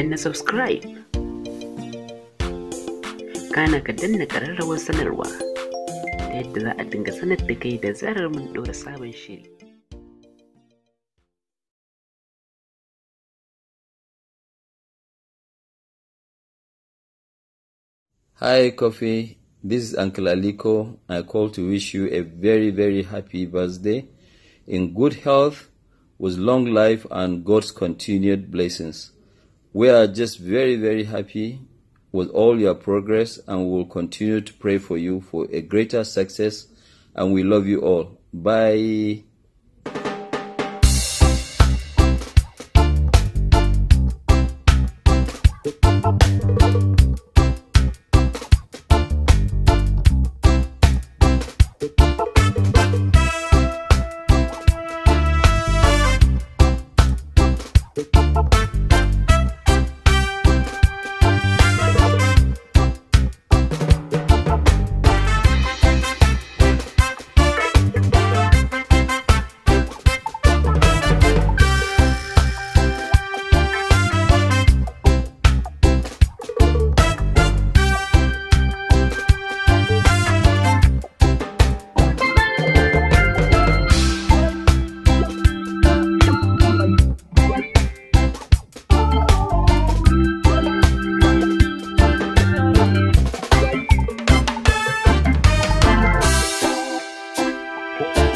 danna subscribe kana ka danna sanarwa ta yadda za a dinga sanar da kai da zarar mun sabon shiri Hi, Kofi. This is Uncle Aliko. I call to wish you a very, very happy birthday in good health, with long life and God's continued blessings. We are just very, very happy with all your progress and we will continue to pray for you for a greater success. And we love you all. Bye. you